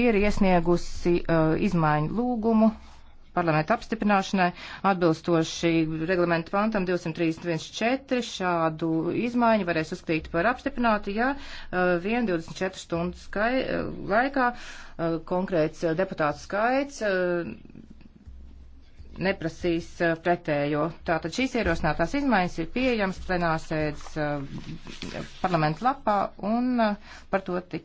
ir iesniegusi uh, izmaiņu lūgumu parlamentu apstiprināšanai atbilstoši reglamentu pantam 231.4. Šādu izmaiņu varēs uzskatīt par apstiprinātu, ja uh, 1,24 stundu skai, uh, laikā uh, konkrēts uh, deputāts skaits. Uh, neprasīs uh, pretējo. Tātad šīs ierosinātās izmaiņas ir pieejams plenārsēdes uh, parlamentu lapā un uh, par to tik.